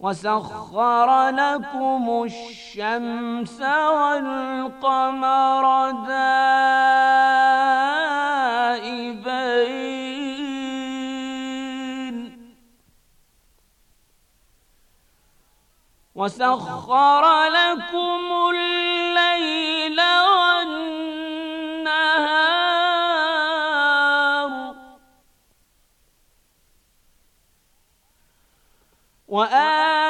وسخر لكم الشمس والقمر دائبين وسخر لكم الليل وآل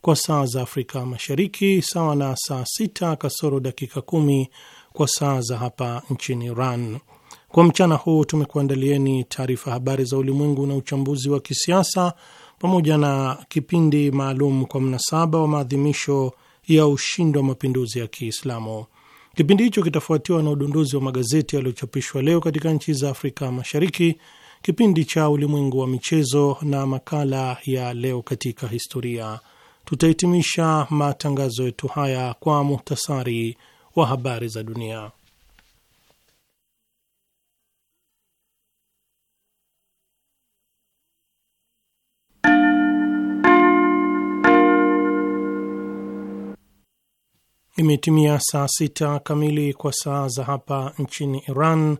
kwa saa za Afrika Mashariki, sawa na saa sita kasoro dakika kumi kwa saa za hapa nchini Iran. Kwa mchana huu tumekuandalieni taarifa habari za ulimwengu na uchambuzi wa kisiasa pamoja na kipindi maalum kwa mnasaba wa maadhimisho ya ushindi wa mapinduzi ya Kiislamu. Kipindi hicho kitafuatiwa na udunduzi wa magazeti yaliyochapishwa leo katika nchi za Afrika Mashariki, kipindi cha ulimwengu wa michezo na makala ya leo katika historia tutahitimisha matangazo yetu haya kwa muhtasari wa habari za dunia. Imetimia saa sita kamili kwa saa za hapa nchini Iran,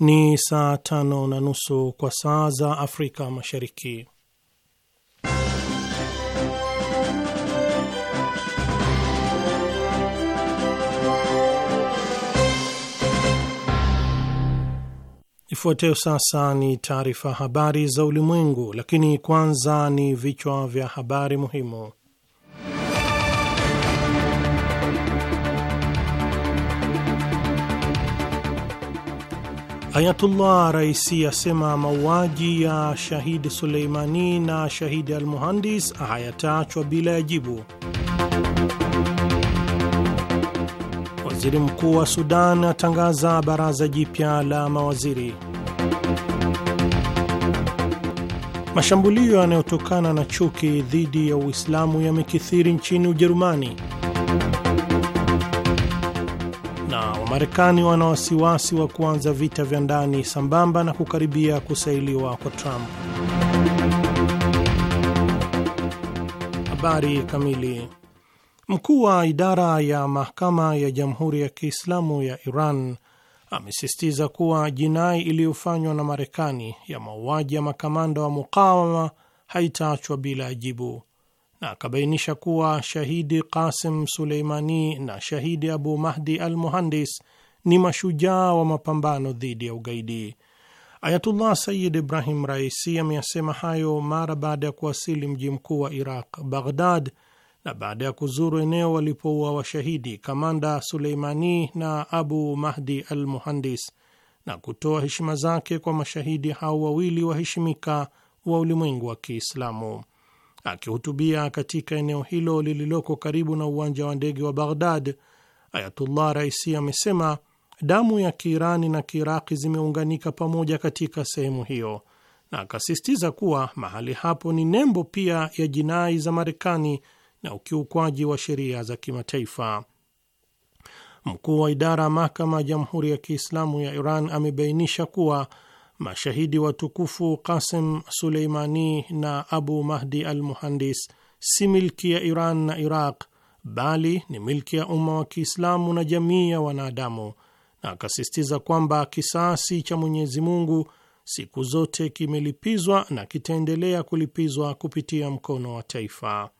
ni saa tano na nusu kwa saa za Afrika Mashariki. Ifuatayo sasa ni taarifa habari za ulimwengu, lakini kwanza ni vichwa vya habari muhimu. Ayatullah Raisi asema mauaji ya shahidi Suleimani na shahidi Almuhandis hayataachwa bila ya jibu. Waziri mkuu wa Sudan atangaza baraza jipya la mawaziri. Mashambulio yanayotokana na chuki dhidi ya Uislamu yamekithiri nchini Ujerumani, na Wamarekani wana wasiwasi wa kuanza vita vya ndani sambamba na kukaribia kusailiwa kwa Trump. Habari kamili. Mkuu wa idara ya mahakama ya Jamhuri ya Kiislamu ya Iran amesisitiza kuwa jinai iliyofanywa na Marekani ya mauaji ya makamanda wa mukawama haitaachwa bila ajibu na akabainisha kuwa shahidi Qasim Suleimani na shahidi Abu Mahdi al Muhandis ni mashujaa wa mapambano dhidi ya ugaidi. Ayatullah Sayid Ibrahim Raisi ameyasema hayo mara baada ya kuwasili mji mkuu wa Iraq, Baghdad, na baada ya kuzuru eneo walipoua washahidi kamanda Suleimani na Abu Mahdi al Muhandis na kutoa heshima zake kwa mashahidi hao wawili waheshimika wa ulimwengu wa Kiislamu. Akihutubia katika eneo hilo lililoko karibu na uwanja wa ndege wa Baghdad, Ayatullah Raisi amesema damu ya Kiirani na Kiiraki zimeunganika pamoja katika sehemu hiyo, na akasisitiza kuwa mahali hapo ni nembo pia ya jinai za Marekani na ukiukwaji wa sheria za kimataifa. Mkuu wa idara ya mahakama ya Jamhuri ya Kiislamu ya Iran amebainisha kuwa mashahidi watukufu Qasim Suleimani na Abu Mahdi al Muhandis si milki ya Iran na Iraq bali ni milki ya umma wa Kiislamu na jamii ya wanadamu, na akasisitiza kwamba kisasi cha Mwenyezi Mungu siku zote kimelipizwa na kitaendelea kulipizwa kupitia mkono wa taifa.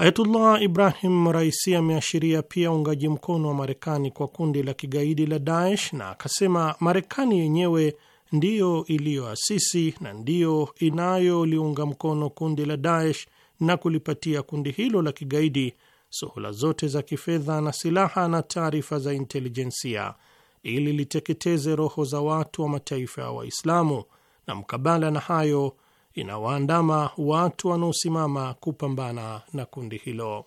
Ayatullah Ibrahim Raisi ameashiria pia uungaji mkono wa Marekani kwa kundi la kigaidi la Daesh na akasema Marekani yenyewe ndiyo iliyoasisi na ndiyo inayoliunga mkono kundi la Daesh na kulipatia kundi hilo la kigaidi suhula zote za kifedha na silaha na taarifa za intelijensia ili liteketeze roho za watu wa mataifa ya Waislamu, na mkabala na hayo inawaandama watu wanaosimama kupambana na kundi hilo.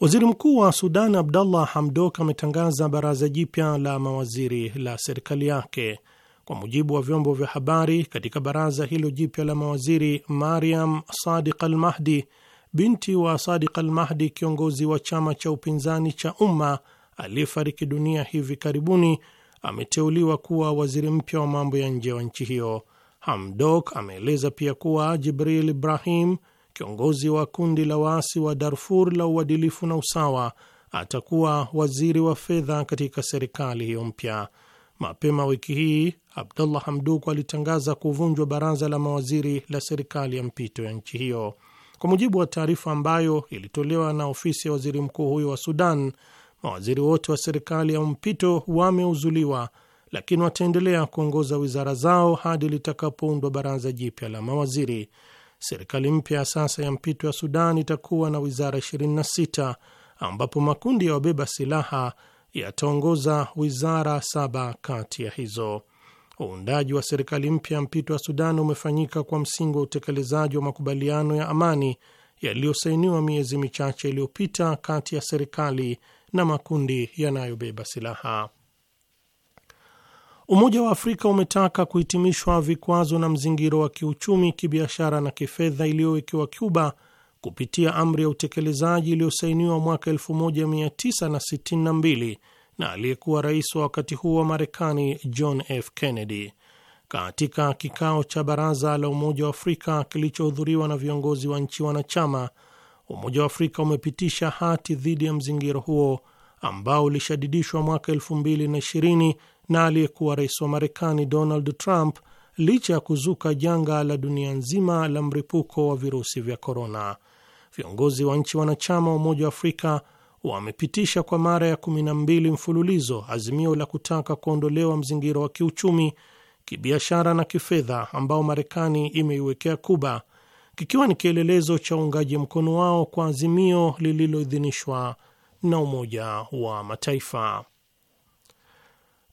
Waziri mkuu wa Sudan Abdallah Hamdok ametangaza baraza jipya la mawaziri la serikali yake. Kwa mujibu wa vyombo vya habari, katika baraza hilo jipya la mawaziri, Mariam Sadiq Al Mahdi, binti wa Sadiq Al Mahdi, kiongozi wa chama cha upinzani cha Umma aliyefariki dunia hivi karibuni, ameteuliwa kuwa waziri mpya wa mambo ya nje wa nchi hiyo. Hamdok ameeleza pia kuwa Jibril Ibrahim, kiongozi wa kundi la waasi wa Darfur la uadilifu na usawa, atakuwa waziri wa fedha katika serikali hiyo mpya. Mapema wiki hii Abdullah Hamduk alitangaza kuvunjwa baraza la mawaziri la serikali ya mpito ya nchi hiyo. Kwa mujibu wa taarifa ambayo ilitolewa na ofisi ya waziri mkuu huyo wa Sudan, mawaziri wote wa serikali ya mpito wameuzuliwa lakini wataendelea kuongoza wizara zao hadi litakapoundwa baraza jipya la mawaziri. Serikali mpya ya sasa ya mpito ya Sudan itakuwa na wizara 26 ambapo makundi ya wabeba silaha yataongoza wizara saba kati ya hizo. Uundaji wa serikali mpya ya mpito wa Sudan umefanyika kwa msingi wa utekelezaji wa makubaliano ya amani yaliyosainiwa miezi michache iliyopita kati ya serikali na makundi yanayobeba silaha. Umoja wa Afrika umetaka kuhitimishwa vikwazo na mzingiro wa kiuchumi, kibiashara na kifedha iliyowekewa Cuba kupitia amri ya utekelezaji iliyosainiwa mwaka 1962 na aliyekuwa rais wa wakati huo wa Marekani John F. Kennedy. Katika kikao cha baraza la Umoja wa Afrika kilichohudhuriwa na viongozi wa nchi wanachama, Umoja wa Afrika umepitisha hati dhidi ya mzingiro huo ambao ulishadidishwa mwaka 2020 na aliyekuwa rais wa Marekani Donald Trump licha ya kuzuka janga la dunia nzima la mripuko wa virusi vya korona. Viongozi wa nchi wanachama wa Umoja wa Afrika wamepitisha kwa mara ya kumi na mbili mfululizo azimio la kutaka kuondolewa mzingiro wa kiuchumi, kibiashara na kifedha ambao Marekani imeiwekea Kuba, kikiwa ni kielelezo cha uungaji mkono wao kwa azimio lililoidhinishwa na Umoja wa Mataifa.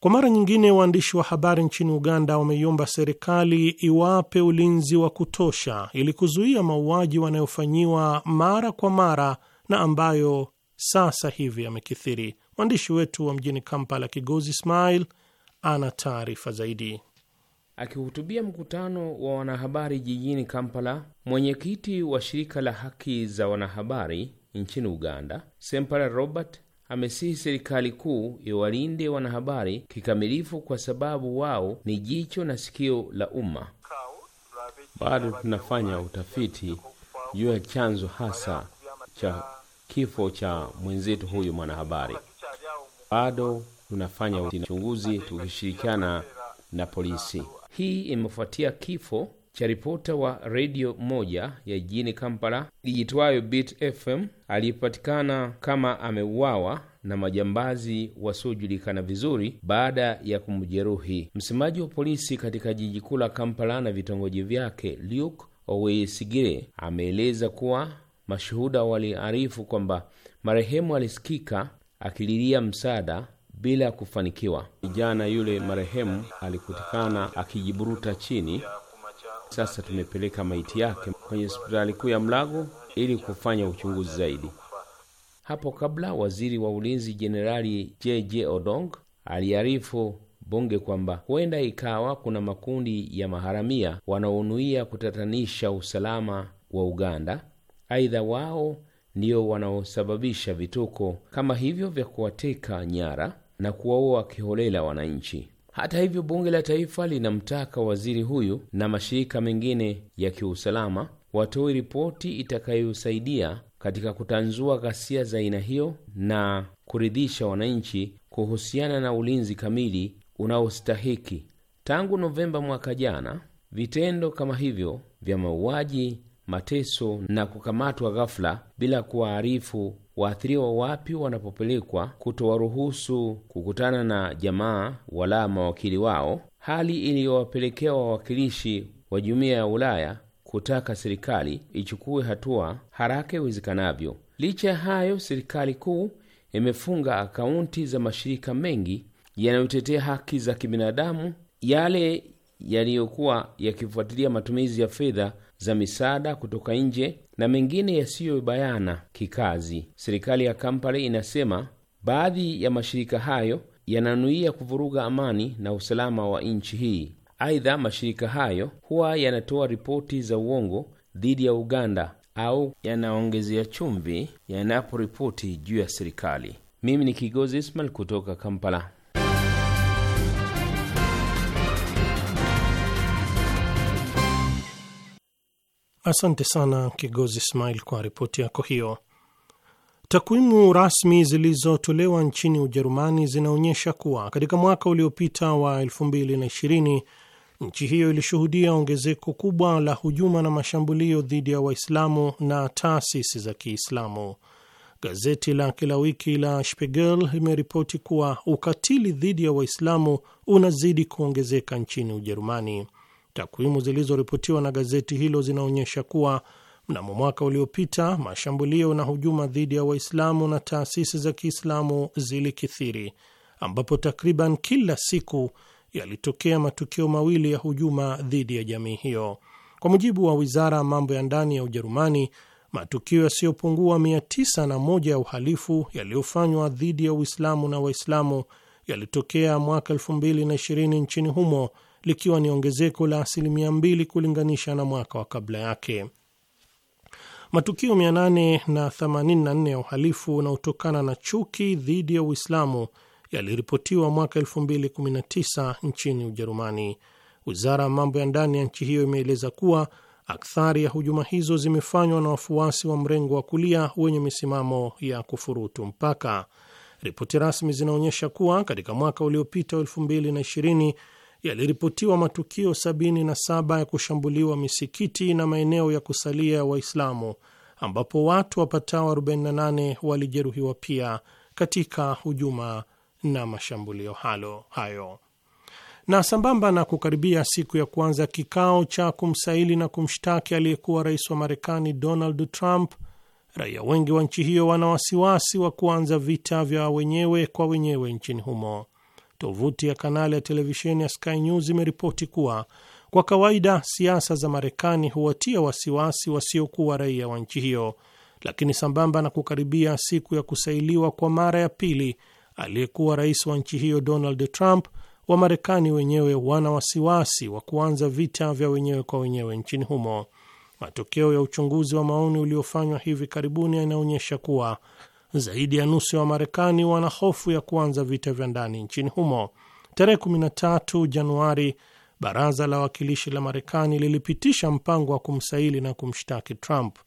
Kwa mara nyingine, waandishi wa habari nchini Uganda wameiomba serikali iwape ulinzi wa kutosha ili kuzuia mauaji wanayofanyiwa mara kwa mara na ambayo sasa hivi yamekithiri. Mwandishi wetu wa mjini Kampala, Kigozi Ismail, ana taarifa zaidi. Akihutubia mkutano wa wanahabari jijini Kampala, mwenyekiti wa shirika la haki za wanahabari nchini Uganda, Sempala Robert amesihi serikali kuu iwalinde wanahabari kikamilifu kwa sababu wao ni jicho na sikio la umma. Bado tunafanya utafiti juu ya chanzo hasa cha kifo cha mwenzetu huyu mwanahabari. Bado tunafanya uchunguzi tukishirikiana na polisi. Hii imefuatia kifo cha ripota wa redio moja ya jijini Kampala ijitwayo Bit FM aliyepatikana kama ameuawa na majambazi wasiojulikana vizuri baada ya kumjeruhi. Msemaji wa polisi katika jiji kuu la Kampala na vitongoji vyake Luke Oweyesigire ameeleza kuwa mashuhuda waliarifu kwamba marehemu alisikika akililia msaada bila kufanikiwa. Kijana yule marehemu alikutikana akijiburuta chini sasa tumepeleka maiti yake kwenye hospitali kuu ya Mlago ili kufanya uchunguzi zaidi. Hapo kabla, waziri wa ulinzi Jenerali JJ Odong aliarifu bunge kwamba huenda ikawa kuna makundi ya maharamia wanaonuia kutatanisha usalama wa Uganda. Aidha, wao ndio wanaosababisha vituko kama hivyo vya kuwateka nyara na kuwaua kiholela wananchi. Hata hivyo, bunge la taifa linamtaka waziri huyu na mashirika mengine ya kiusalama watoe ripoti itakayosaidia katika kutanzua ghasia za aina hiyo na kuridhisha wananchi kuhusiana na ulinzi kamili unaostahiki. Tangu Novemba mwaka jana, vitendo kama hivyo vya mauaji, mateso na kukamatwa ghafla bila kuwaarifu waathiriwa wapi wanapopelekwa, kutowaruhusu kukutana na jamaa wala mawakili wao, hali iliyowapelekea wawakilishi wa jumuiya ya Ulaya kutaka serikali ichukue hatua haraka iwezekanavyo. Licha ya hayo, serikali kuu imefunga akaunti za mashirika mengi yanayotetea haki za kibinadamu, yale yaliyokuwa yakifuatilia matumizi ya fedha za misaada kutoka nje na mengine yasiyobayana kikazi. Serikali ya Kampala inasema baadhi ya mashirika hayo yananuia kuvuruga amani na usalama wa nchi hii. Aidha, mashirika hayo huwa yanatoa ripoti za uongo dhidi ya Uganda au yanaongezea ya chumvi yanaporipoti juu ya serikali. Mimi ni Kigozi Ismail kutoka Kampala. Asante sana Kigozi Ismail kwa ripoti yako hiyo. Takwimu rasmi zilizotolewa nchini Ujerumani zinaonyesha kuwa katika mwaka uliopita wa 2020 nchi hiyo ilishuhudia ongezeko kubwa la hujuma na mashambulio dhidi ya Waislamu na taasisi za Kiislamu. Gazeti la kila wiki la Spiegel limeripoti kuwa ukatili dhidi ya Waislamu unazidi kuongezeka nchini Ujerumani. Takwimu zilizoripotiwa na gazeti hilo zinaonyesha kuwa mnamo mwaka uliopita mashambulio na hujuma dhidi ya Waislamu na taasisi za Kiislamu zilikithiri, ambapo takriban kila siku yalitokea matukio mawili ya hujuma dhidi ya jamii hiyo. Kwa mujibu wa wizara ya mambo ya ndani ya Ujerumani, matukio yasiyopungua mia tisa na moja ya uhalifu yaliyofanywa dhidi ya Uislamu na Waislamu yalitokea mwaka elfu mbili na ishirini nchini humo likiwa ni ongezeko la asilimia mbili kulinganisha na mwaka wa kabla yake. Matukio 884 ya uhalifu unaotokana na chuki dhidi ya Uislamu yaliripotiwa mwaka 2019 nchini Ujerumani. Wizara ya mambo ya ndani ya nchi hiyo imeeleza kuwa akthari ya hujuma hizo zimefanywa na wafuasi wa mrengo wa kulia wenye misimamo ya kufurutu mpaka. Ripoti rasmi zinaonyesha kuwa katika mwaka uliopita 2020 yaliripotiwa matukio 77 ya kushambuliwa misikiti na maeneo ya kusalia ya wa Waislamu, ambapo watu wapatao 48 walijeruhiwa pia katika hujuma na mashambulio halo hayo. Na sambamba na kukaribia siku ya kuanza kikao cha kumsaili na kumshtaki aliyekuwa rais wa Marekani Donald Trump, raia wengi wa nchi hiyo wana wasiwasi wa kuanza vita vya wenyewe kwa wenyewe nchini humo tovuti ya kanali ya televisheni ya Sky News imeripoti kuwa kwa kawaida siasa za Marekani huwatia wasiwasi wasiokuwa raia wa nchi hiyo, lakini sambamba na kukaribia siku ya kusailiwa kwa mara ya pili aliyekuwa rais wa nchi hiyo Donald Trump, wa marekani wenyewe wana wasiwasi wa kuanza vita vya wenyewe kwa wenyewe nchini humo. Matokeo ya uchunguzi wa maoni uliofanywa hivi karibuni yanaonyesha kuwa zaidi ya nusu ya Wamarekani wana hofu ya kuanza vita vya ndani nchini humo. Tarehe 13 Januari, baraza la wawakilishi la Marekani lilipitisha mpango wa kumsaili na kumshtaki Trump.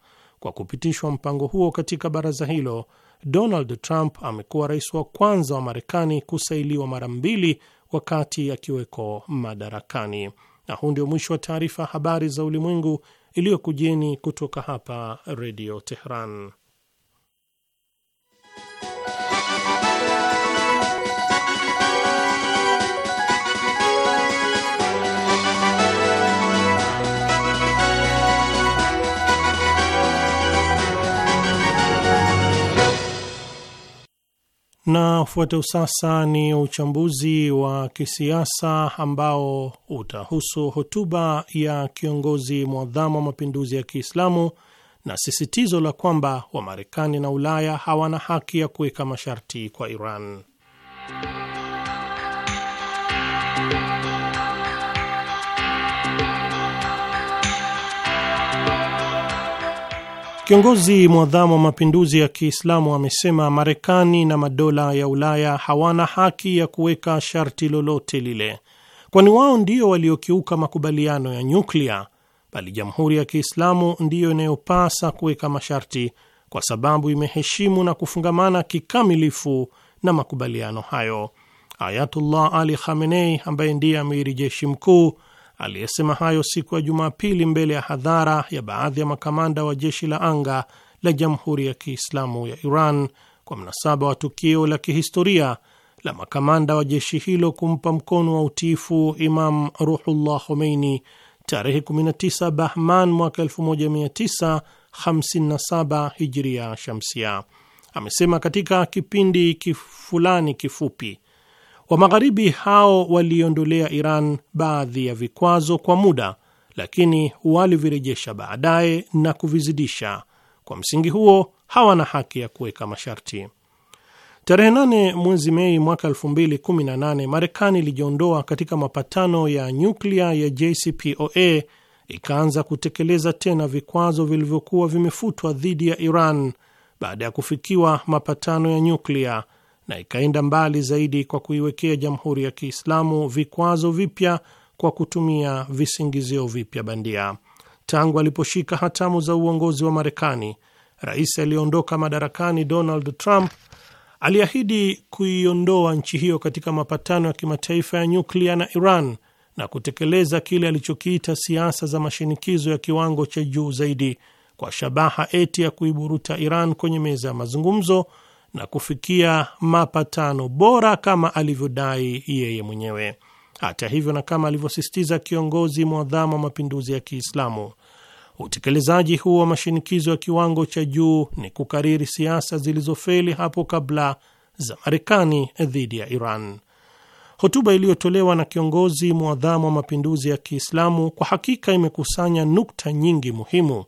Kwa kupitishwa mpango huo katika baraza hilo, Donald Trump amekuwa rais wa kwanza wa Marekani kusailiwa mara mbili wakati akiweko madarakani. Na huu ndio mwisho wa taarifa habari za ulimwengu iliyokujeni kutoka hapa Redio Tehran. Na ufuate sasa ni uchambuzi wa kisiasa ambao utahusu hotuba ya kiongozi mwadhamu wa mapinduzi ya Kiislamu na sisitizo la kwamba Wamarekani na Ulaya hawana haki ya kuweka masharti kwa Iran. Kiongozi mwadhamu wa mapinduzi ya Kiislamu amesema Marekani na madola ya Ulaya hawana haki ya kuweka sharti lolote lile, kwani wao ndio waliokiuka makubaliano ya nyuklia, bali Jamhuri ya Kiislamu ndiyo inayopasa kuweka masharti kwa sababu imeheshimu na kufungamana kikamilifu na makubaliano hayo. Ayatullah Ali Khamenei ambaye ndiye amiri jeshi mkuu aliyesema hayo siku ya Jumapili mbele ya hadhara ya baadhi ya makamanda wa jeshi la anga la Jamhuri ya Kiislamu ya Iran kwa mnasaba wa tukio la kihistoria la makamanda wa jeshi hilo kumpa mkono wa utiifu Imam Ruhullah Khomeini tarehe 19 Bahman mwaka 1957 Hijria Shamsia. Amesema katika kipindi fulani kifupi wa Magharibi hao waliondolea Iran baadhi ya vikwazo kwa muda, lakini walivirejesha baadaye na kuvizidisha. Kwa msingi huo hawana haki ya kuweka masharti. Tarehe 8 mwezi Mei mwaka nane Marekani ilijiondoa katika mapatano ya nyuklia ya JCPOA, ikaanza kutekeleza tena vikwazo vilivyokuwa vimefutwa dhidi ya Iran baada ya kufikiwa mapatano ya nyuklia na ikaenda mbali zaidi kwa kuiwekea Jamhuri ya Kiislamu vikwazo vipya kwa kutumia visingizio vipya bandia. Tangu aliposhika hatamu za uongozi wa Marekani, rais aliyeondoka madarakani Donald Trump aliahidi kuiondoa nchi hiyo katika mapatano ya kimataifa ya nyuklia na Iran na kutekeleza kile alichokiita siasa za mashinikizo ya kiwango cha juu zaidi, kwa shabaha eti ya kuiburuta Iran kwenye meza ya mazungumzo na kufikia mapatano bora kama alivyodai yeye mwenyewe. Hata hivyo, na kama alivyosisitiza kiongozi mwadhamu wa mapinduzi ya Kiislamu, utekelezaji huu wa mashinikizo ya kiwango cha juu ni kukariri siasa zilizofeli hapo kabla za Marekani dhidi ya Iran. Hotuba iliyotolewa na kiongozi mwadhamu wa mapinduzi ya Kiislamu kwa hakika imekusanya nukta nyingi muhimu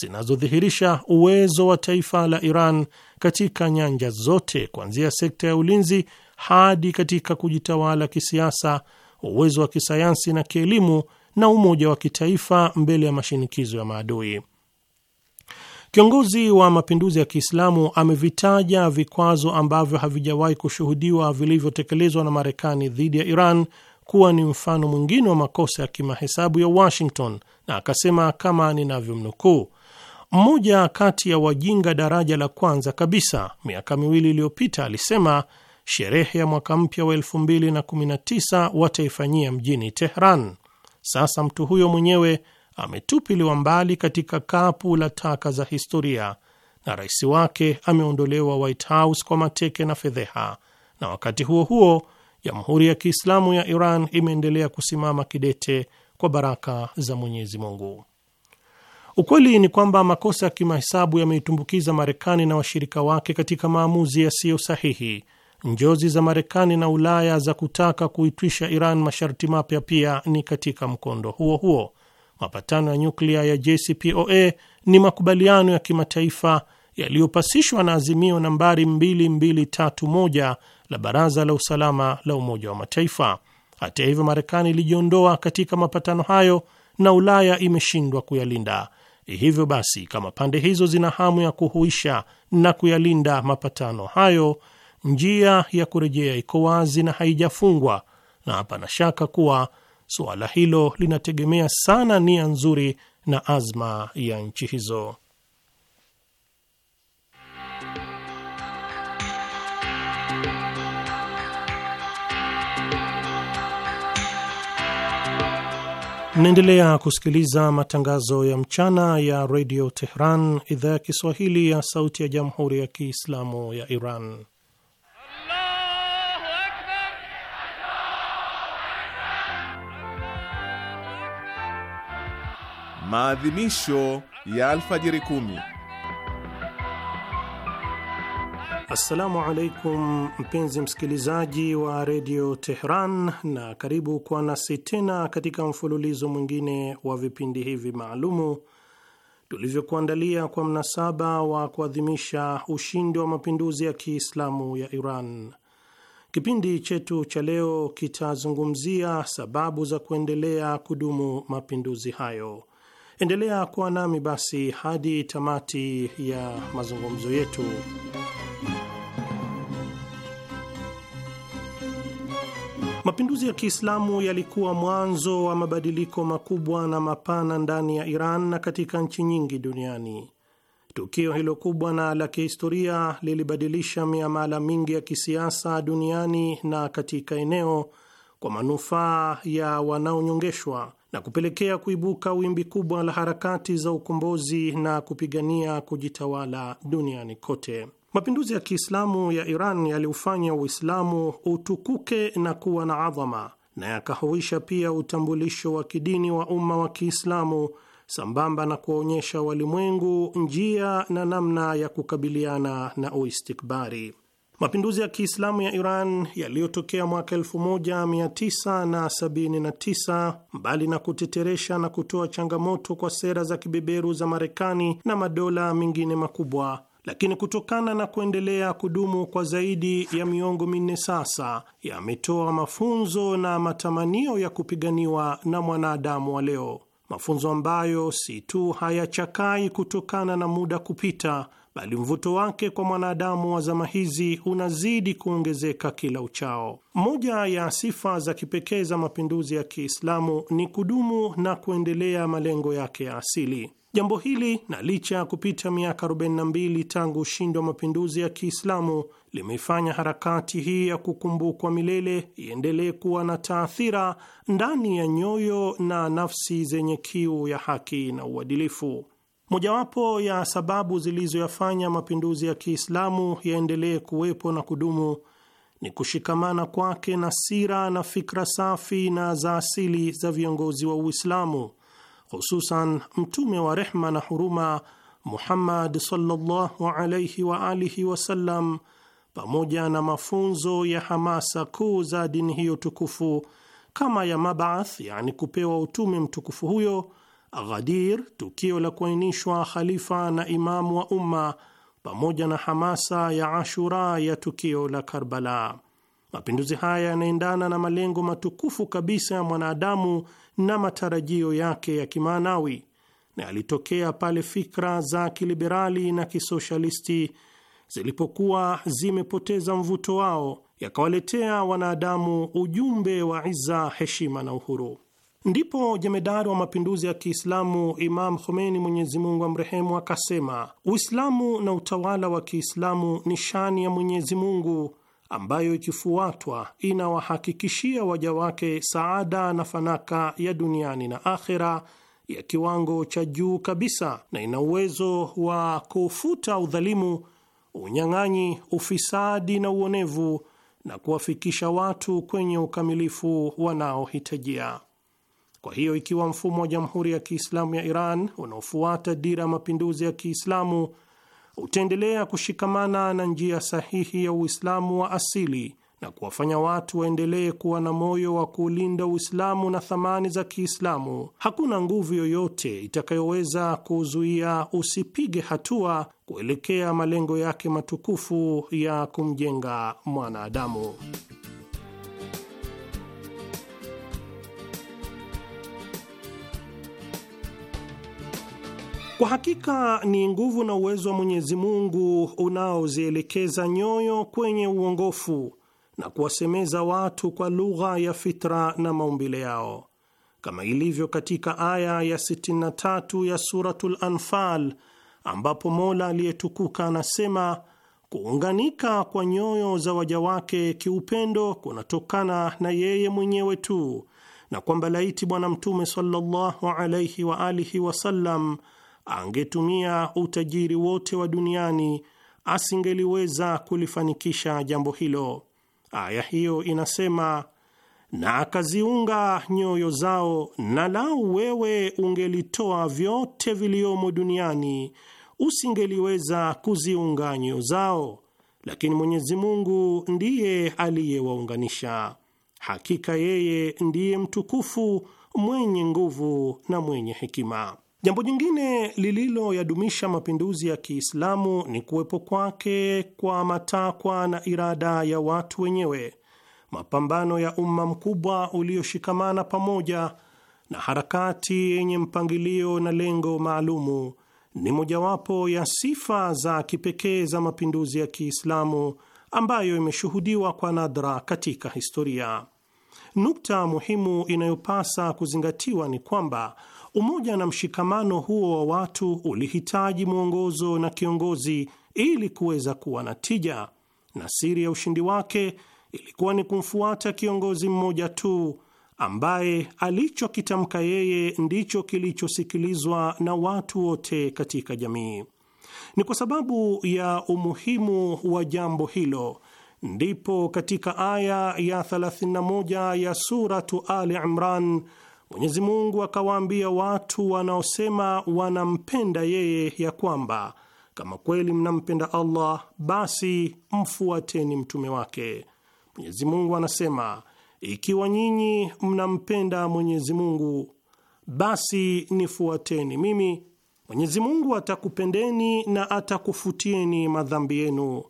zinazodhihirisha uwezo wa taifa la Iran katika nyanja zote, kuanzia sekta ya ulinzi hadi katika kujitawala kisiasa, uwezo wa kisayansi na kielimu, na umoja wa kitaifa mbele ya mashinikizo ya maadui. Kiongozi wa mapinduzi ya Kiislamu amevitaja vikwazo ambavyo havijawahi kushuhudiwa vilivyotekelezwa na Marekani dhidi ya Iran kuwa ni mfano mwingine wa makosa ya kimahesabu ya Washington, na akasema kama ninavyomnukuu, mmoja kati ya wajinga daraja la kwanza kabisa miaka miwili iliyopita alisema sherehe ya mwaka mpya wa 2019 wataifanyia mjini Tehran. Sasa mtu huyo mwenyewe ametupiliwa mbali katika kapu la taka za historia na rais wake ameondolewa White House kwa mateke na fedheha, na wakati huo huo Jamhuri ya Kiislamu ya Iran imeendelea kusimama kidete kwa baraka za Mwenyezi Mungu. Ukweli ni kwamba makosa ya kimahesabu yameitumbukiza Marekani na washirika wake katika maamuzi yasiyo sahihi. Njozi za Marekani na Ulaya za kutaka kuitwisha Iran masharti mapya pia ni katika mkondo huo huo. Mapatano ya nyuklia ya JCPOA ni makubaliano ya kimataifa yaliyopasishwa na azimio nambari 2231 la Baraza la Usalama la Umoja wa Mataifa. Hata hivyo, Marekani ilijiondoa katika mapatano hayo na Ulaya imeshindwa kuyalinda. Hivyo basi, kama pande hizo zina hamu ya kuhuisha na kuyalinda mapatano hayo, njia ya kurejea iko wazi na haijafungwa, na hapana shaka kuwa suala hilo linategemea sana nia nzuri na azma ya nchi hizo. Mnaendelea kusikiliza matangazo ya mchana ya redio Tehran, idhaa ya Kiswahili ya sauti ya jamhuri ya Kiislamu ya Iran. Maadhimisho ya alfajiri kumi Assalamu alaikum mpenzi msikilizaji wa redio Tehran, na karibu kwa nasi tena katika mfululizo mwingine wa vipindi hivi maalumu tulivyokuandalia kwa mnasaba wa kuadhimisha ushindi wa mapinduzi ya Kiislamu ya Iran. Kipindi chetu cha leo kitazungumzia sababu za kuendelea kudumu mapinduzi hayo. Endelea kuwa nami basi hadi tamati ya mazungumzo yetu. Mapinduzi ya Kiislamu yalikuwa mwanzo wa mabadiliko makubwa na mapana ndani ya Iran na katika nchi nyingi duniani. Tukio hilo kubwa na la kihistoria lilibadilisha miamala mingi ya kisiasa duniani na katika eneo kwa manufaa ya wanaonyongeshwa na kupelekea kuibuka wimbi kubwa la harakati za ukombozi na kupigania kujitawala duniani kote. Mapinduzi ya Kiislamu ya Iran yaliufanya Uislamu utukuke na kuwa na adhama na yakahuisha pia utambulisho wa kidini wa umma wa Kiislamu sambamba na kuwaonyesha walimwengu njia na namna ya kukabiliana na uistikbari. Mapinduzi ya Kiislamu ya Iran yaliyotokea mwaka 1979 mbali na kuteteresha na kutoa changamoto kwa sera za kibeberu za Marekani na madola mengine makubwa lakini kutokana na kuendelea kudumu kwa zaidi ya miongo minne sasa, yametoa mafunzo na matamanio ya kupiganiwa na mwanadamu wa leo, mafunzo ambayo si tu hayachakai kutokana na muda kupita, bali mvuto wake kwa mwanadamu wa zama hizi unazidi kuongezeka kila uchao. Moja ya sifa za kipekee za mapinduzi ya Kiislamu ni kudumu na kuendelea malengo yake ya asili. Jambo hili na licha ya kupita miaka 42 tangu ushindi wa mapinduzi ya Kiislamu limeifanya harakati hii ya kukumbukwa milele iendelee kuwa na taathira ndani ya nyoyo na nafsi zenye kiu ya haki na uadilifu. Mojawapo ya sababu zilizoyafanya mapinduzi ya Kiislamu yaendelee kuwepo na kudumu ni kushikamana kwake na sira na fikra safi na za asili za viongozi wa Uislamu hususan mtume wa rehma na huruma Muhammad sallallahu alayhi wa alihi wasallam, pamoja na mafunzo ya hamasa kuu za dini hiyo tukufu kama ya mabath yani kupewa utume mtukufu huyo, Ghadir, tukio la kuainishwa khalifa na imamu wa umma, pamoja na hamasa ya Ashura ya tukio la Karbala. Mapinduzi haya yanaendana na malengo matukufu kabisa ya mwanadamu na matarajio yake ya kimaanawi na yalitokea pale fikra za kiliberali na kisoshalisti zilipokuwa zimepoteza mvuto wao, yakawaletea wanadamu ujumbe wa iza, heshima na uhuru. Ndipo jemedari wa mapinduzi ya Kiislamu Imam Khomeini, Mwenyezi Mungu amrehemu, akasema Uislamu na utawala wa Kiislamu ni shani ya Mwenyezi Mungu ambayo ikifuatwa inawahakikishia waja wake saada na fanaka ya duniani na akhera ya kiwango cha juu kabisa, na ina uwezo wa kufuta udhalimu, unyang'anyi, ufisadi na uonevu na kuwafikisha watu kwenye ukamilifu wanaohitajia. Kwa hiyo ikiwa mfumo wa Jamhuri ya Kiislamu ya Iran unaofuata dira ya mapinduzi ya Kiislamu utaendelea kushikamana na njia sahihi ya Uislamu wa asili na kuwafanya watu waendelee kuwa na moyo wa kuulinda Uislamu na thamani za Kiislamu. Hakuna nguvu yoyote itakayoweza kuzuia usipige hatua kuelekea malengo yake matukufu ya kumjenga mwanadamu. Kwa hakika ni nguvu na uwezo wa Mwenyezi Mungu unaozielekeza nyoyo kwenye uongofu na kuwasemeza watu kwa lugha ya fitra na maumbile yao, kama ilivyo katika aya ya 63 ya Suratul Anfal ambapo Mola aliyetukuka anasema kuunganika kwa nyoyo za waja wake kiupendo kunatokana na yeye mwenyewe tu, na kwamba laiti Bwana Mtume sallallahu alaihi wa alihi wasallam angetumia utajiri wote wa duniani asingeliweza kulifanikisha jambo hilo. Aya hiyo inasema, na akaziunga nyoyo zao, na lau wewe ungelitoa vyote viliyomo duniani usingeliweza kuziunga nyoyo zao, lakini Mwenyezi Mungu ndiye aliyewaunganisha. Hakika yeye ndiye mtukufu mwenye nguvu na mwenye hekima. Jambo jingine lililoyadumisha mapinduzi ya Kiislamu ni kuwepo kwake kwa matakwa na irada ya watu wenyewe, mapambano ya umma mkubwa ulioshikamana pamoja na harakati yenye mpangilio na lengo maalumu ni mojawapo ya sifa za kipekee za mapinduzi ya Kiislamu ambayo imeshuhudiwa kwa nadra katika historia. Nukta muhimu inayopasa kuzingatiwa ni kwamba Umoja na mshikamano huo wa watu ulihitaji mwongozo na kiongozi ili kuweza kuwa na tija, na siri ya ushindi wake ilikuwa ni kumfuata kiongozi mmoja tu ambaye alichokitamka yeye ndicho kilichosikilizwa na watu wote katika jamii. Ni kwa sababu ya umuhimu wa jambo hilo ndipo katika aya ya 31 ya Suratu Ali Imran Mwenyezi Mungu akawaambia watu wanaosema wanampenda yeye ya kwamba kama kweli mnampenda Allah basi mfuateni mtume wake. Mwenyezi Mungu anasema ikiwa nyinyi mnampenda Mwenyezi Mungu basi nifuateni mimi, Mwenyezi Mungu atakupendeni na atakufutieni madhambi yenu,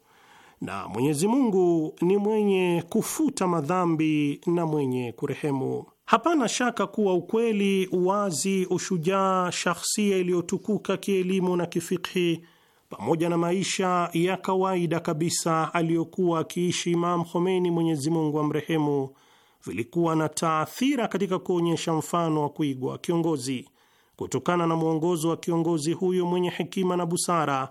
na Mwenyezi Mungu ni mwenye kufuta madhambi na mwenye kurehemu. Hapana shaka kuwa ukweli, uwazi, ushujaa, shahsia iliyotukuka kielimu na kifikhi, pamoja na maisha ya kawaida kabisa aliyokuwa akiishi Imam Khomeini, Mwenyezi Mungu amrehemu, vilikuwa na taathira katika kuonyesha mfano wa kuigwa kiongozi. Kutokana na mwongozo wa kiongozi huyo mwenye hekima na busara,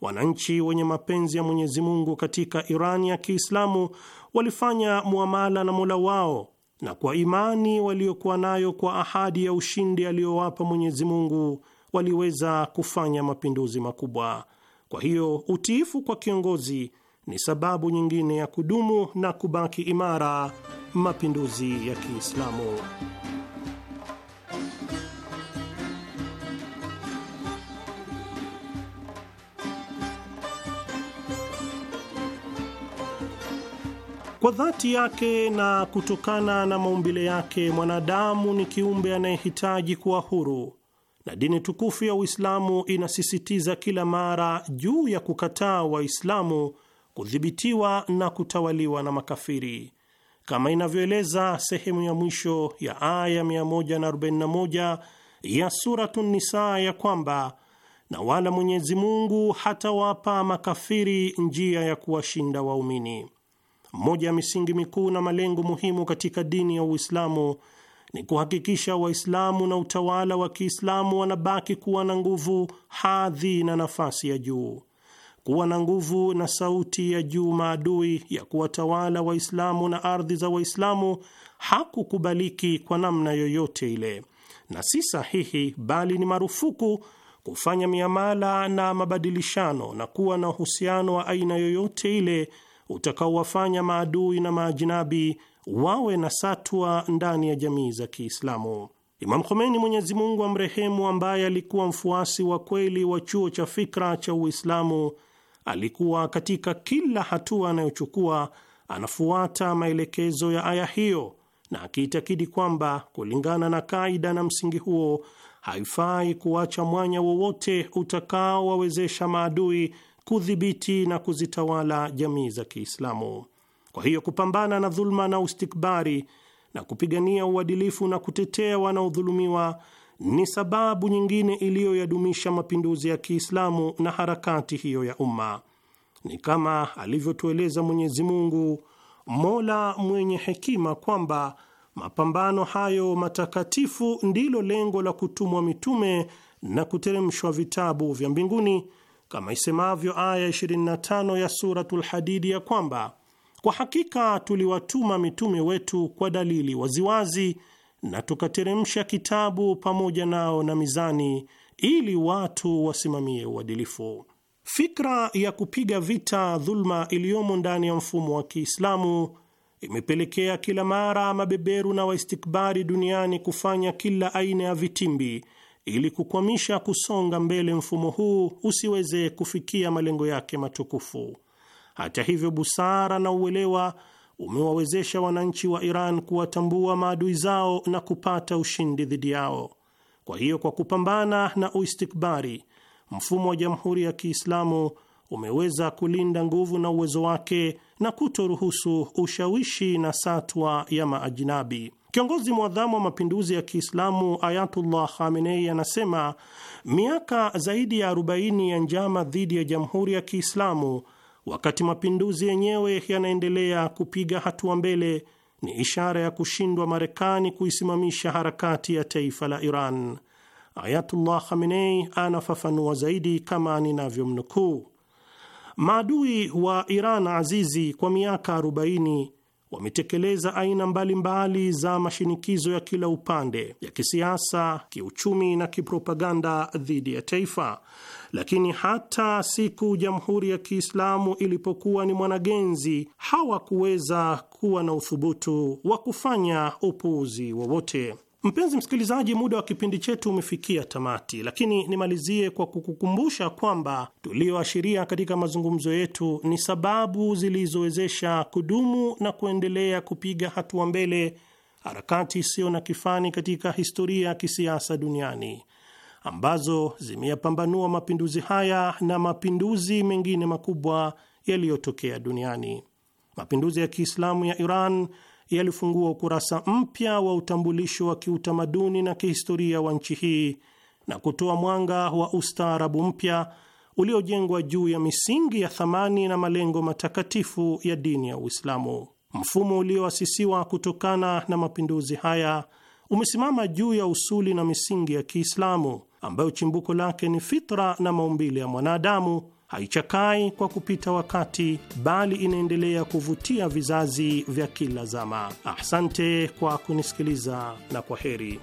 wananchi wenye mapenzi ya Mwenyezi Mungu katika Irani ya Kiislamu walifanya muamala na Mola wao na kwa imani waliokuwa nayo kwa ahadi ya ushindi aliyowapa Mwenyezi Mungu waliweza kufanya mapinduzi makubwa. Kwa hiyo utiifu kwa kiongozi ni sababu nyingine ya kudumu na kubaki imara mapinduzi ya Kiislamu. Kwa dhati yake na kutokana na maumbile yake, mwanadamu ni kiumbe anayehitaji kuwa huru, na dini tukufu ya Uislamu inasisitiza kila mara juu ya kukataa Waislamu kudhibitiwa na kutawaliwa na makafiri, kama inavyoeleza sehemu ya mwisho ya aya 141 ya Suratu Nisaa ya kwamba na wala Mwenyezi Mungu hatawapa makafiri njia ya kuwashinda waumini. Moja ya misingi mikuu na malengo muhimu katika dini ya Uislamu ni kuhakikisha Waislamu na utawala wa Kiislamu wanabaki kuwa na nguvu, hadhi na nafasi ya juu, kuwa na nguvu na sauti ya juu maadui ya kuwatawala Waislamu na ardhi za Waislamu hakukubaliki kwa namna yoyote ile, na si sahihi bali ni marufuku kufanya miamala na mabadilishano na kuwa na uhusiano wa aina yoyote ile utakaowafanya maadui na maajinabi wawe na satwa ndani ya jamii za Kiislamu. Imam Khomeini, Mwenyezi Mungu amrehemu, ambaye alikuwa mfuasi wa kweli wa chuo cha fikra cha Uislamu, alikuwa katika kila hatua anayochukua anafuata maelekezo ya aya hiyo na akiitakidi kwamba kulingana na kaida na msingi huo haifai kuacha mwanya wowote utakaowawezesha maadui kudhibiti na kuzitawala jamii za Kiislamu. Kwa hiyo kupambana na dhuluma na ustikbari na kupigania uadilifu na kutetea wanaodhulumiwa ni sababu nyingine iliyoyadumisha mapinduzi ya Kiislamu na harakati hiyo ya umma. Ni kama alivyotueleza Mwenyezi Mungu Mola mwenye hekima kwamba mapambano hayo matakatifu ndilo lengo la kutumwa mitume na kuteremshwa vitabu vya mbinguni kama isemavyo aya 25 ya Suratul Hadidi ya kwamba kwa hakika tuliwatuma mitume wetu kwa dalili waziwazi na tukateremsha kitabu pamoja nao na mizani ili watu wasimamie uadilifu. Fikra ya kupiga vita dhulma iliyomo ndani ya mfumo wa Kiislamu imepelekea kila mara mabeberu na waistikbari duniani kufanya kila aina ya vitimbi ili kukwamisha kusonga mbele mfumo huu usiweze kufikia malengo yake matukufu. Hata hivyo, busara na uelewa umewawezesha wananchi wa Iran kuwatambua maadui zao na kupata ushindi dhidi yao. Kwa hiyo, kwa kupambana na uistikbari, mfumo wa Jamhuri ya Kiislamu umeweza kulinda nguvu na uwezo wake na kutoruhusu ushawishi na satwa ya maajinabi. Kiongozi mwadhamu wa mapinduzi ya Kiislamu Ayatullah Khamenei anasema miaka zaidi ya 40 ya njama dhidi ya jamhuri ya Kiislamu, wakati mapinduzi yenyewe yanaendelea kupiga hatua mbele, ni ishara ya kushindwa Marekani kuisimamisha harakati ya taifa la Iran. Ayatullah Khamenei anafafanua zaidi kama ninavyomnukuu: maadui wa Iran azizi kwa miaka wametekeleza aina mbalimbali mbali za mashinikizo ya kila upande ya kisiasa, kiuchumi na kipropaganda dhidi ya taifa. Lakini hata siku Jamhuri ya Kiislamu ilipokuwa ni mwanagenzi, hawakuweza kuwa na uthubutu wa kufanya upuuzi wowote. Mpenzi msikilizaji, muda wa kipindi chetu umefikia tamati, lakini nimalizie kwa kukukumbusha kwamba tulioashiria katika mazungumzo yetu ni sababu zilizowezesha kudumu na kuendelea kupiga hatua mbele harakati isiyo na kifani katika historia ya kisiasa duniani ambazo zimeyapambanua mapinduzi haya na mapinduzi mengine makubwa yaliyotokea duniani. Mapinduzi ya Kiislamu ya Iran yalifungua ukurasa mpya wa utambulisho wa kiutamaduni na kihistoria wa nchi hii na kutoa mwanga wa ustaarabu mpya uliojengwa juu ya misingi ya thamani na malengo matakatifu ya dini ya Uislamu. Mfumo ulioasisiwa kutokana na mapinduzi haya umesimama juu ya usuli na misingi ya Kiislamu ambayo chimbuko lake ni fitra na maumbile ya mwanadamu haichakai kwa kupita wakati, bali inaendelea kuvutia vizazi vya kila zama. Asante kwa kunisikiliza na kwa heri.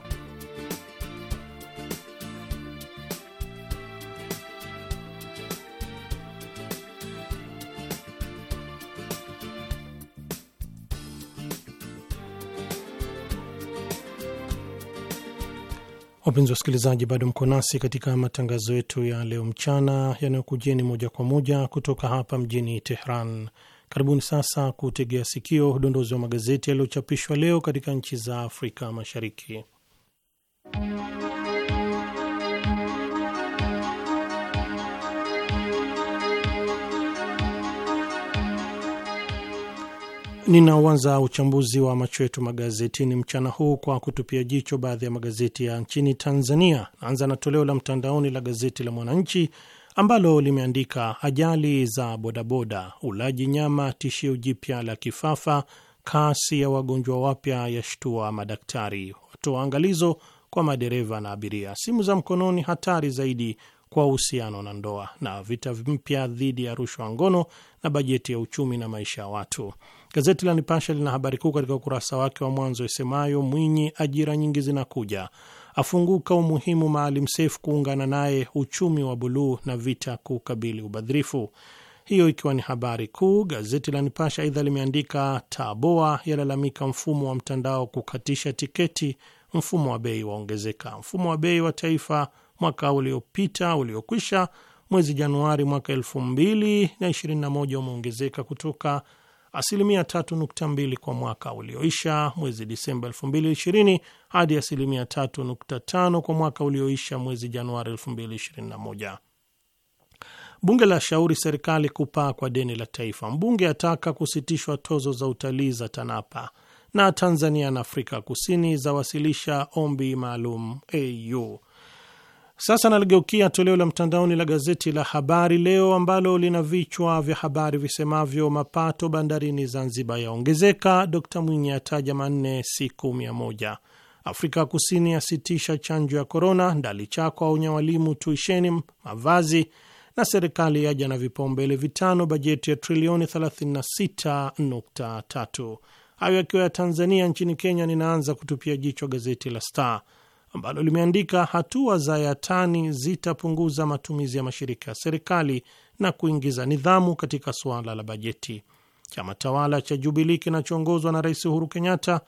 Wapenzi wa wasikilizaji, bado mko nasi katika matangazo yetu ya leo mchana yanayokujieni moja kwa moja kutoka hapa mjini Tehran. Karibuni sasa kutegea sikio udondozi wa magazeti yaliyochapishwa leo katika nchi za Afrika Mashariki. Ninauanza uchambuzi wa macho yetu magazetini mchana huu kwa kutupia jicho baadhi ya magazeti ya nchini Tanzania. Naanza na toleo la mtandaoni la gazeti la Mwananchi ambalo limeandika ajali za bodaboda, ulaji nyama tishio jipya la kifafa, kasi ya wagonjwa wapya yashtua madaktari, watoa angalizo kwa madereva na abiria, simu za mkononi hatari zaidi kwa uhusiano na ndoa, na vita mpya dhidi ya rushwa ngono, na bajeti ya uchumi na maisha ya watu. Gazeti la nipasha lina habari kuu katika ukurasa wake wa mwanzo isemayo, Mwinyi ajira nyingi zinakuja, afunguka umuhimu Maalim Seif kuungana naye, uchumi wa buluu na vita kukabili ubadhirifu. Hiyo ikiwa ni habari kuu. Gazeti la nipasha aidha limeandika Taboa yalalamika mfumo wa mtandao kukatisha tiketi, mfumo wa bei waongezeka. Mfumo wa bei wa taifa mwaka uliopita uliokwisha mwezi Januari mwaka 2021 umeongezeka kutoka asilimia 3.2 kwa mwaka ulioisha mwezi Disemba 2020 hadi asilimia 3.5 kwa mwaka ulioisha mwezi Januari 2021. Bunge la shauri serikali kupaa kwa deni la taifa. Mbunge ataka kusitishwa tozo za utalii za TANAPA na Tanzania na Afrika Kusini zawasilisha ombi maalum AU. Sasa naligeukia toleo la mtandaoni la gazeti la Habari Leo ambalo lina vichwa vya habari visemavyo: mapato bandarini Zanzibar yaongezeka, Dkt Mwinyi ataja manne siku mia moja, Afrika Kusini yasitisha chanjo ya korona, ndali Chako aonya walimu tuisheni mavazi, na serikali yaja na vipaumbele vitano bajeti ya trilioni 36.3. Hayo yakiwa ya Tanzania. Nchini Kenya, ninaanza kutupia jicho gazeti la Star ambalo limeandika hatua za Yatani zitapunguza matumizi ya mashirika ya serikali na kuingiza nidhamu katika suala la bajeti. Chama tawala cha Jubilii kinachoongozwa na Rais Uhuru Kenyatta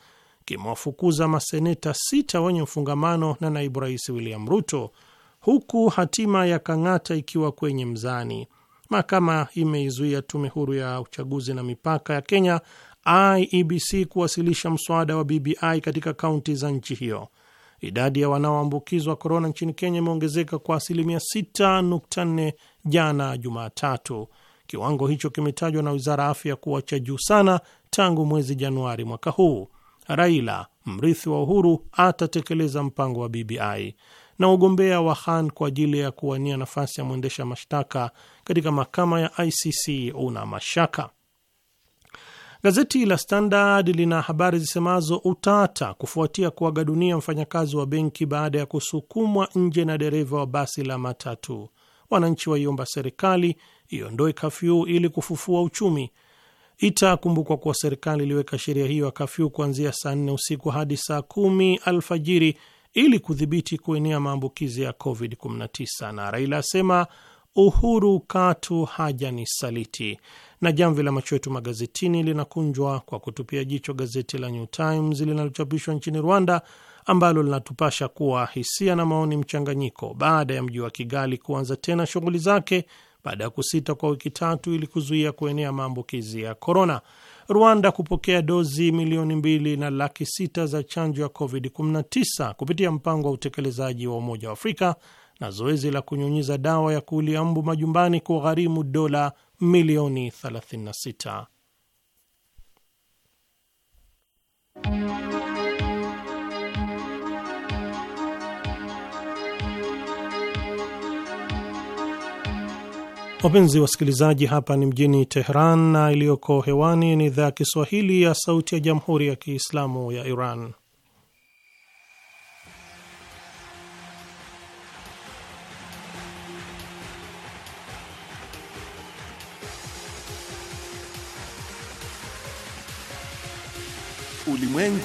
kimewafukuza maseneta sita wenye mfungamano na naibu rais William Ruto, huku hatima ya Kang'ata ikiwa kwenye mzani. Mahakama imeizuia tume huru ya uchaguzi na mipaka ya Kenya IEBC kuwasilisha mswada wa BBI katika kaunti za nchi hiyo. Idadi ya wanaoambukizwa korona nchini Kenya imeongezeka kwa asilimia 6.4 jana Jumatatu. Kiwango hicho kimetajwa na wizara ya afya kuwa cha juu sana tangu mwezi Januari mwaka huu. Raila, mrithi wa Uhuru, atatekeleza mpango wa BBI na ugombea wa Han kwa ajili ya kuwania nafasi ya mwendesha mashtaka katika mahakama ya ICC una mashaka. Gazeti la Standard lina habari zisemazo utata kufuatia kuaga dunia mfanyakazi wa benki baada ya kusukumwa nje na dereva wa basi la matatu. Wananchi waiomba serikali iondoe kafyu ili kufufua uchumi. Itakumbukwa kuwa serikali iliweka sheria hiyo ya kafyu kuanzia saa nne usiku hadi saa kumi alfajiri ili kudhibiti kuenea maambukizi ya COVID-19. Na Raila asema Uhuru katu hajanisaliti na jamvi la macho yetu magazetini linakunjwa kwa kutupia jicho gazeti la New Times linalochapishwa nchini Rwanda, ambalo linatupasha kuwa hisia na maoni mchanganyiko baada ya mji wa Kigali kuanza tena shughuli zake baada ya kusita kwa wiki tatu ili kuzuia kuenea maambukizi ya korona. Rwanda kupokea dozi milioni mbili na laki sita za chanjo ya COVID-19 kupitia mpango wa utekelezaji wa Umoja wa Afrika na zoezi la kunyunyiza dawa ya kuulia mbu majumbani kugharimu dola milioni 36. Wapenzi wasikilizaji, hapa ni mjini Teheran na iliyoko hewani ni idhaa ya Kiswahili ya Sauti ya Jamhuri ya Kiislamu ya Iran. ulimwengu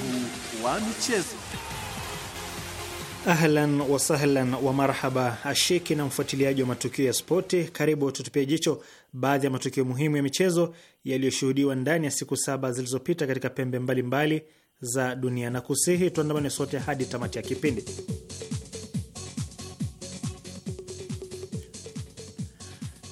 wa michezo. Ahlan wasahlan wa marhaba, ashiki na mfuatiliaji wa matukio ya spoti, karibu tutupia jicho baadhi ya matukio muhimu ya michezo yaliyoshuhudiwa ndani ya siku saba zilizopita katika pembe mbalimbali mbali za dunia, na kusihi tuandamane sote hadi tamati ya kipindi.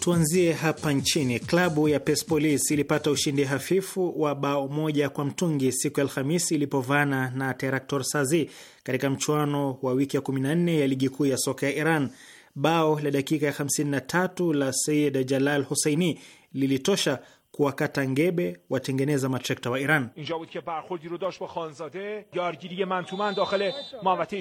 Tuanzie hapa nchini. Klabu ya Persepolis ilipata ushindi hafifu wa bao moja kwa mtungi siku ya Alhamisi ilipovana na Teraktor Sazi katika mchuano wa wiki ya 14 ya ligi kuu ya soka ya Iran. Bao la dakika ya 53 la Said Jalal Huseini lilitosha kuwakata ngebe watengeneza matrekta wa Iran. inja bud ke barkhordi ro dasht ba khanzade yargiri man tu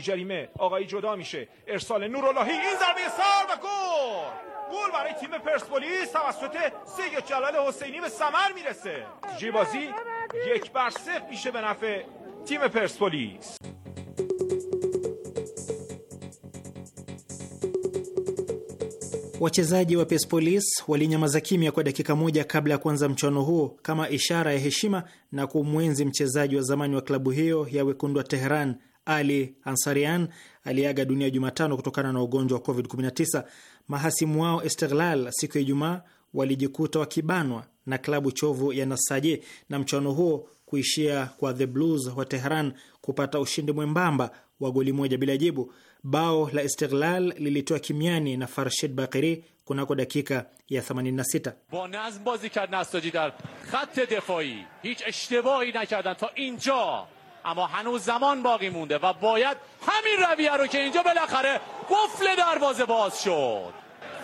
jarime aghayi juda mishe in zarbe sar va gol گل برای تیم پرسپولیس توسط سید جلال حسینی به ثمر میرسه بازی یک بر صفر میشه به نفع تیم پرسپولیس Wachezaji wa Persepolis walinyamaza kimya kwa dakika moja kabla ya kuanza mchuano huo kama ishara ya heshima na kumwenzi mchezaji wa zamani wa klabu hiyo ya wekundu wa Teheran, Ali Ansarian aliyeaga dunia Jumatano kutokana na ugonjwa wa COVID-19 mahasimu wao Esteghlal siku ya Ijumaa walijikuta wakibanwa na klabu chovu ya Nasaje na mchuano huo kuishia kwa the Blues wa Tehran kupata ushindi mwembamba wa goli moja bila jibu. Bao la Istiklal lilitoa kimiani na Farshid Bakiri kunako dakika ya 86. Ba nazm bazi kad Nasaji dar khat defai hich ishtibahi nakardan ta inja اما هنوز زمان باقی مونده و باید همین رویه رو که اینجا بالاخره قفل دروازه باز شد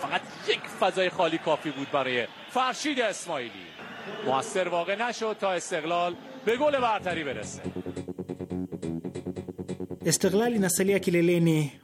فقط یک فضای خالی کافی بود برای فرشید اسماعیلی موثر واقع نشد تا استقلال به گل برتری برسه استقلالی نسلیه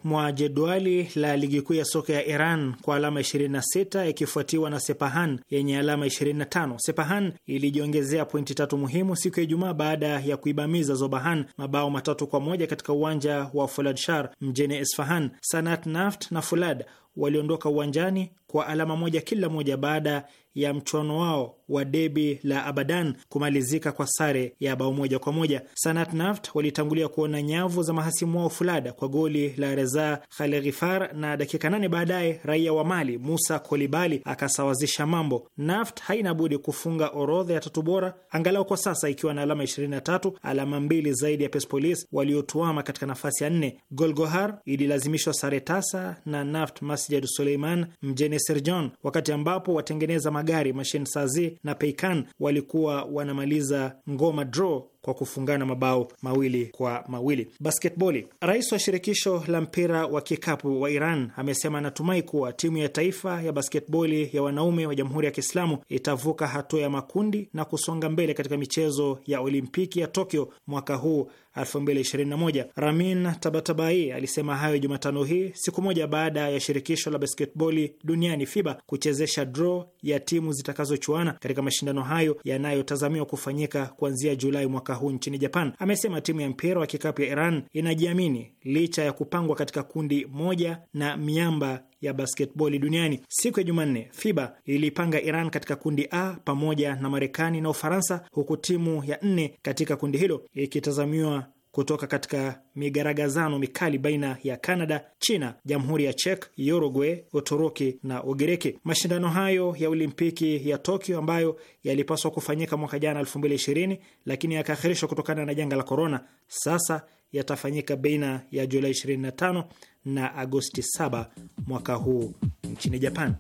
mwa jedwali la ligi kuu ya soka ya Iran kwa alama 26 ikifuatiwa na Sepahan yenye alama 25. Sepahan ilijiongezea pointi tatu muhimu siku ya Ijumaa baada ya kuibamiza Zobahan mabao matatu kwa moja katika uwanja wa Fuladshar mjini Esfahan. Sanat Naft na Fulad waliondoka uwanjani kwa alama moja kila moja baada ya mchuano wao wa debi la Abadan kumalizika kwa sare ya bao moja kwa moja. Sanat Naft walitangulia kuona nyavu za mahasimu wao Fulada kwa goli la za Khaleghifar, na dakika nane baadaye raia wa Mali Musa Kolibali akasawazisha mambo. Naft haina budi kufunga orodha ya tatu bora angalau kwa sasa, ikiwa na alama 23, alama mbili zaidi ya Persepolis waliotuama katika nafasi ya nne. Golgohar ililazimishwa sare tasa na Naft Masjid Suleiman mjini Serjon, wakati ambapo watengeneza magari Mashin Sazi na Peikan walikuwa wanamaliza ngoma draw kwa kufungana mabao mawili kwa mawili. Basketboli. Rais wa shirikisho la mpira wa kikapu wa Iran amesema anatumai kuwa timu ya taifa ya basketboli ya wanaume wa Jamhuri ya Kiislamu itavuka hatua ya makundi na kusonga mbele katika michezo ya Olimpiki ya Tokyo mwaka huu 2021. Ramin Tabatabai alisema hayo Jumatano hii siku moja baada ya shirikisho la basketboli duniani FIBA kuchezesha draw ya timu zitakazochuana katika mashindano hayo yanayotazamiwa kufanyika kuanzia Julai mwaka huu nchini Japan. Amesema timu ya mpira wa kikapu ya Iran inajiamini licha ya kupangwa katika kundi moja na miamba ya basketboli duniani. Siku ya Jumanne, FIBA ilipanga Iran katika kundi A pamoja na Marekani na Ufaransa, huku timu ya nne katika kundi hilo ikitazamiwa kutoka katika migaragazano mikali baina ya Canada, China, Jamhuri ya Czech, Uruguay, Uturuki na Ugiriki. Mashindano hayo ya Olimpiki ya Tokyo ambayo yalipaswa kufanyika mwaka jana 2020 lakini yakaahirishwa kutokana na janga la korona, sasa yatafanyika baina ya Julai 25 na Agosti 7 mwaka huu nchini Japan.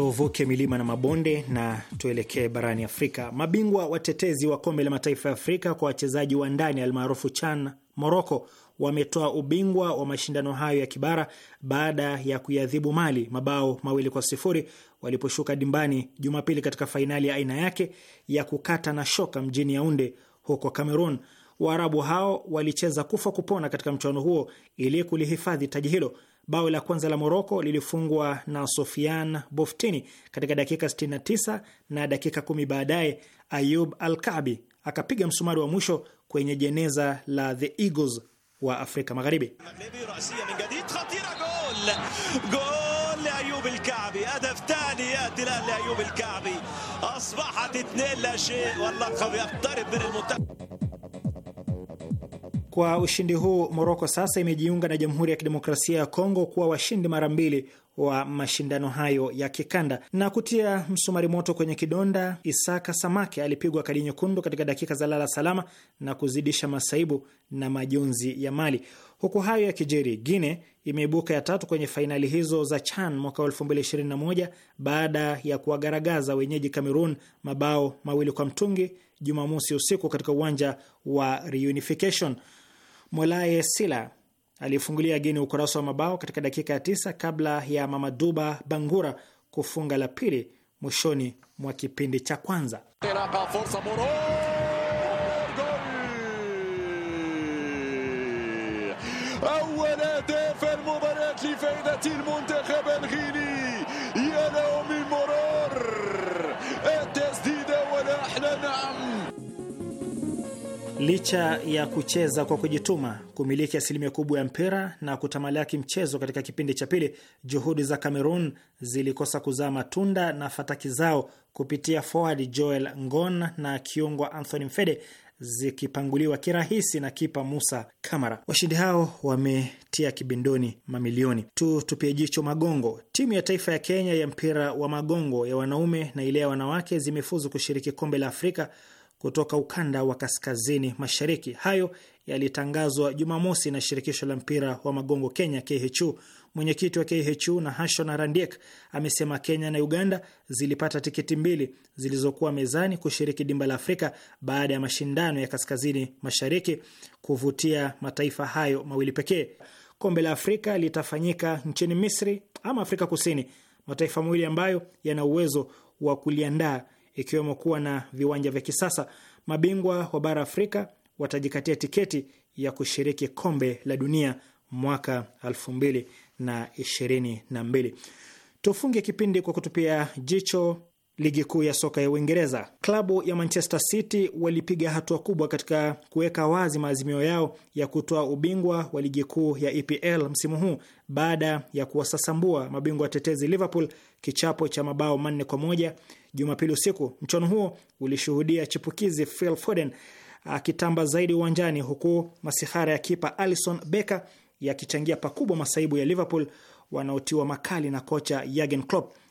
tuvuke milima na mabonde na tuelekee barani Afrika. Mabingwa watetezi wa kombe la mataifa ya Afrika kwa wachezaji wa ndani almaarufu CHAN Moroko wametoa ubingwa wa mashindano hayo ya kibara baada ya kuiadhibu Mali mabao mawili kwa sifuri waliposhuka dimbani Jumapili katika fainali ya aina yake ya kukata na shoka mjini Yaunde huko Cameroon. Waarabu hao walicheza kufa kupona katika mchuano huo ili kulihifadhi taji hilo. Bao la kwanza la Moroko lilifungwa na Sofian Boftini katika dakika 69 na dakika kumi baadaye Ayub Al Kabi akapiga msumari wa mwisho kwenye jeneza la the Eagles wa Afrika Magharibi. Kwa ushindi huu, Moroko sasa imejiunga na Jamhuri ya Kidemokrasia ya Kongo kuwa washindi mara mbili wa mashindano hayo ya kikanda. Na kutia msumari moto kwenye kidonda, Isaka Samake alipigwa kadi nyekundu katika dakika za lala salama na kuzidisha masaibu na majonzi ya Mali. Huku hayo ya kijeri, Guine imeibuka ya tatu kwenye fainali hizo za CHAN mwaka 2021 baada ya kuwagaragaza wenyeji Cameroon mabao mawili kwa mtungi Jumamosi usiku katika uwanja wa Reunification. Mwelaye Sila alifungulia geni ukurasa wa mabao katika dakika ya tisa kabla ya Mamaduba Bangura kufunga la pili mwishoni mwa kipindi cha kwanza. Licha ya kucheza kwa kujituma, kumiliki asilimia kubwa ya mpira na kutamalaki mchezo katika kipindi cha pili, juhudi za Cameroon zilikosa kuzaa matunda na fataki zao kupitia forward Joel Ngon na kiungwa Anthony Mfede zikipanguliwa kirahisi na kipa Musa Kamara. Washindi hao wametia kibindoni mamilioni tu. Tupie jicho magongo. Timu ya taifa ya Kenya ya mpira wa magongo ya wanaume na ile ya wanawake zimefuzu kushiriki kombe la Afrika kutoka ukanda wa kaskazini mashariki. Hayo yalitangazwa Jumamosi na shirikisho la mpira wa magongo Kenya, KHU. Mwenyekiti wa KHU na na Randiek amesema Kenya na Uganda zilipata tiketi mbili zilizokuwa mezani kushiriki dimba la Afrika baada ya mashindano ya kaskazini mashariki kuvutia mataifa hayo mawili pekee. Kombe la Afrika litafanyika nchini Misri ama Afrika Kusini, mataifa mawili ambayo yana uwezo wa kuliandaa ikiwemo kuwa na viwanja vya kisasa. Mabingwa wa bara Afrika watajikatia tiketi ya kushiriki kombe la dunia mwaka mbili Tufunge kipindi kwa kutupia jicho ligi kuu ya soka ya Uingereza. Klabu ya Manchester City walipiga hatua kubwa katika kuweka wazi maazimio yao ya kutoa ubingwa wa ligi kuu ya EPL msimu huu baada ya kuwasasambua mabingwa watetezi Liverpool kichapo cha mabao manne kwa moja Jumapili usiku. Mchono huo ulishuhudia chipukizi Phil Foden akitamba zaidi uwanjani, huku masihara ya kipa Alison Becker yakichangia pakubwa masaibu ya Liverpool wanaotiwa makali na kocha Jurgen Klopp.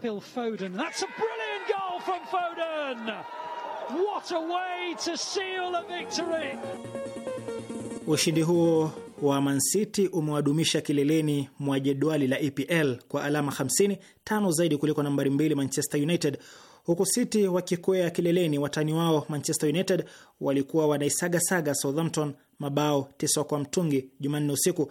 Phil Foden. That's a brilliant goal from Foden. What a way to seal a victory. Ushindi huo wa Man City umewadumisha kileleni mwa jedwali la EPL kwa alama 50, tano zaidi kuliko nambari mbili Manchester United. Huku City wakikwea kileleni, watani wao Manchester United walikuwa wanaisagasaga Southampton mabao tisa kwa mtungi Jumanne usiku.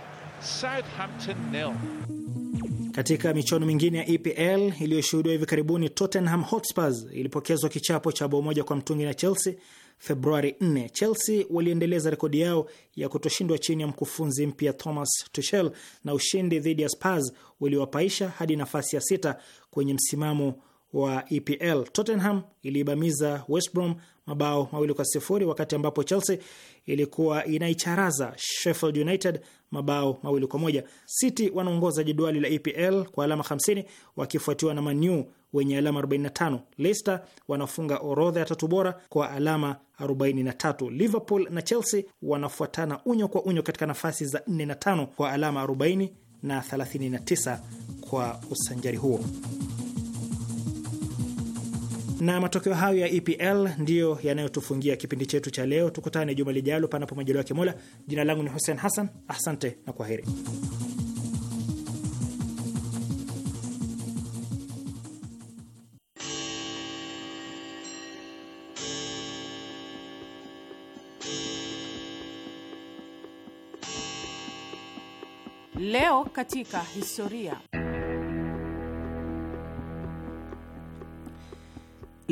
Southampton nil. Katika michuano mingine ya EPL iliyoshuhudiwa hivi karibuni, Tottenham Hotspurs ilipokezwa kichapo cha bao moja kwa mtungi na Chelsea Februari 4. Chelsea waliendeleza rekodi yao ya kutoshindwa chini ya mkufunzi mpya Thomas Tuchel, na ushindi dhidi ya Spurs uliwapaisha hadi nafasi ya sita kwenye msimamo wa EPL. Tottenham iliibamiza West Brom mabao mawili kwa sifuri wakati ambapo Chelsea ilikuwa inaicharaza Sheffield United mabao mawili kwa moja. City wanaongoza jedwali la EPL kwa alama 50 wakifuatiwa na Manu wenye alama 45. Leicester wanafunga orodha ya tatu bora kwa alama 43. Liverpool na Chelsea wanafuatana unyo kwa unyo katika nafasi za 4 na 5 kwa alama 40 na 39 kwa usanjari huo. Na matokeo hayo ya EPL ndiyo yanayotufungia kipindi chetu cha leo. Tukutane juma lijalo, panapo majaliwa yake Mola. Jina langu ni Hussein Hassan, asante na kwa heri. Leo katika historia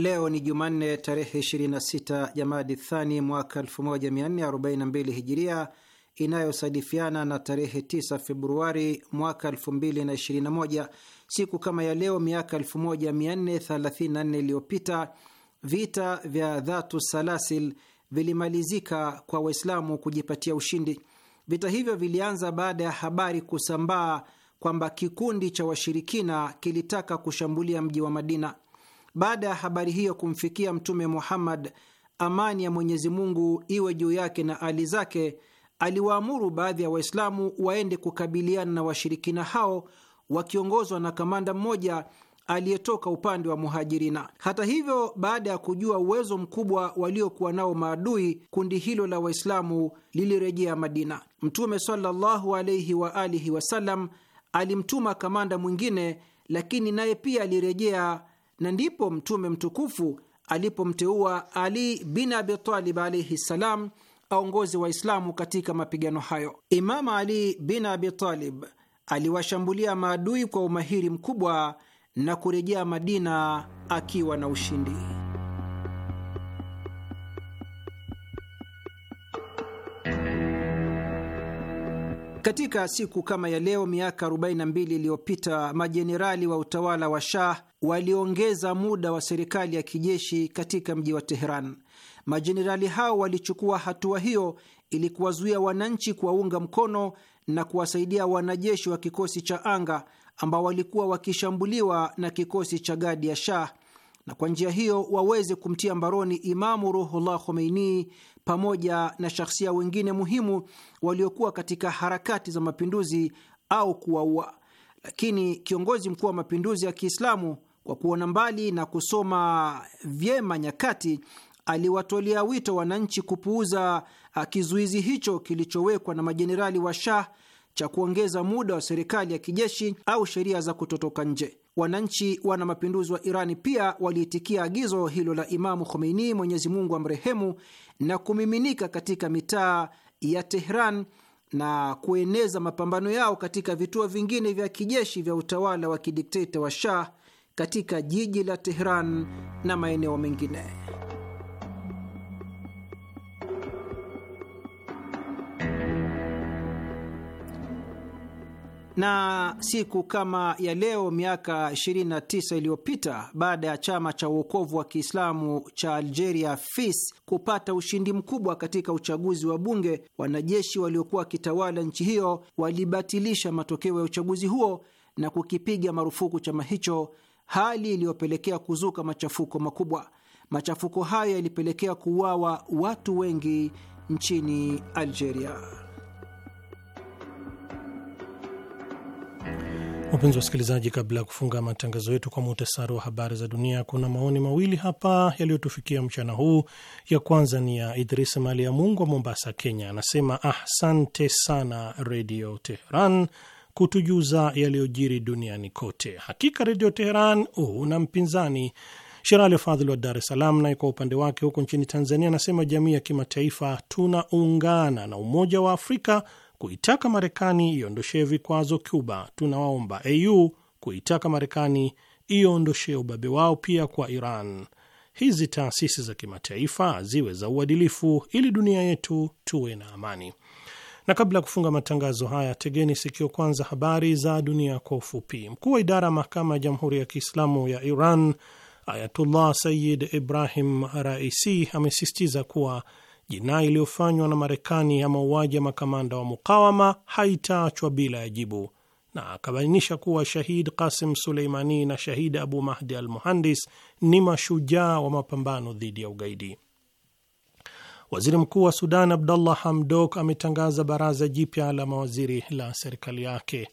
Leo ni Jumanne tarehe 26 Jamadi Thani mwaka 1442 Hijiria, inayosadifiana na tarehe 9 Februari mwaka 2021. Siku kama ya leo miaka 1434 iliyopita vita vya Dhatu Salasil vilimalizika kwa Waislamu kujipatia ushindi. Vita hivyo vilianza baada ya habari kusambaa kwamba kikundi cha washirikina kilitaka kushambulia mji wa Madina. Baada ya habari hiyo kumfikia Mtume Muhammad, amani ya Mwenyezi Mungu iwe juu yake na ali zake, aliwaamuru baadhi ya Waislamu waende kukabiliana na washirikina hao wakiongozwa na kamanda mmoja aliyetoka upande wa Muhajirina. Hata hivyo, baada ya kujua uwezo mkubwa waliokuwa nao maadui, kundi hilo la Waislamu lilirejea Madina. Mtume sallallahu alaihi wa alihi wasallam alimtuma kamanda mwingine, lakini naye pia alirejea na ndipo Mtume mtukufu alipomteua Ali bin Abi Talib alaihi ssalam aongozi Waislamu katika mapigano hayo. Imamu Ali bin Abi Talib aliwashambulia maadui kwa umahiri mkubwa na kurejea Madina akiwa na ushindi. Katika siku kama ya leo miaka 42 iliyopita majenerali wa utawala wa Shah waliongeza muda wa serikali ya kijeshi katika mji wa Teheran. Majenerali hao walichukua hatua hiyo ili kuwazuia wananchi kuwaunga mkono na kuwasaidia wanajeshi wa kikosi cha anga ambao walikuwa wakishambuliwa na kikosi cha gadi ya Shah, na kwa njia hiyo waweze kumtia mbaroni Imamu Ruhullah Khomeini pamoja na shahsia wengine muhimu waliokuwa katika harakati za mapinduzi au kuwaua. Lakini kiongozi mkuu wa mapinduzi ya Kiislamu, kwa kuona mbali na kusoma vyema nyakati, aliwatolea wito wananchi kupuuza ah, kizuizi hicho kilichowekwa na majenerali wa Shah cha kuongeza muda wa serikali ya kijeshi au sheria za kutotoka nje. Wananchi wana mapinduzi wa Irani pia waliitikia agizo hilo la Imamu Khomeini, Mwenyezi Mungu amrehemu, na kumiminika katika mitaa ya Tehran na kueneza mapambano yao katika vituo vingine vya kijeshi vya utawala wa kidikteta wa Shah katika jiji la Tehran na maeneo mengine. na siku kama ya leo miaka 29 iliyopita, baada ya chama cha uokovu wa Kiislamu cha Algeria FIS kupata ushindi mkubwa katika uchaguzi wa bunge, wanajeshi waliokuwa wakitawala nchi hiyo walibatilisha matokeo ya uchaguzi huo na kukipiga marufuku chama hicho, hali iliyopelekea kuzuka machafuko makubwa. Machafuko hayo yalipelekea kuuawa watu wengi nchini Algeria. Wapenzi wasikilizaji, kabla ya kufunga matangazo yetu kwa muhtasari wa habari za dunia, kuna maoni mawili hapa yaliyotufikia mchana huu. Ya kwanza ni ya Idris Mali ya Mungu wa Mombasa, Kenya, anasema asante sana Redio Teheran kutujuza yaliyojiri duniani kote. Hakika Redio Teheran huna mpinzani. Sherali Fadhili wa Dar es Salaam naye kwa upande wake huko nchini Tanzania anasema jamii ya kimataifa tunaungana na Umoja wa Afrika kuitaka Marekani iondoshee vikwazo Cuba. Tunawaomba AU kuitaka Marekani iondoshee ubabe wao pia kwa Iran. Hizi taasisi za kimataifa ziwe za uadilifu ili dunia yetu tuwe na amani. Na kabla ya kufunga matangazo haya, tegeni sikio kwanza habari za dunia kwa ufupi. Mkuu wa idara ya mahakama ya Jamhuri ya Kiislamu ya Iran Ayatullah Sayyid Ibrahim Raisi amesisitiza kuwa jinai iliyofanywa na Marekani ya mauaji ya makamanda wa mukawama haitaachwa bila ya jibu, na akabainisha kuwa Shahid Qasim Suleimani na Shahid Abu Mahdi al Muhandis ni mashujaa wa mapambano dhidi ya ugaidi. Waziri Mkuu wa Sudan Abdullah Hamdok ametangaza baraza jipya la mawaziri la serikali yake.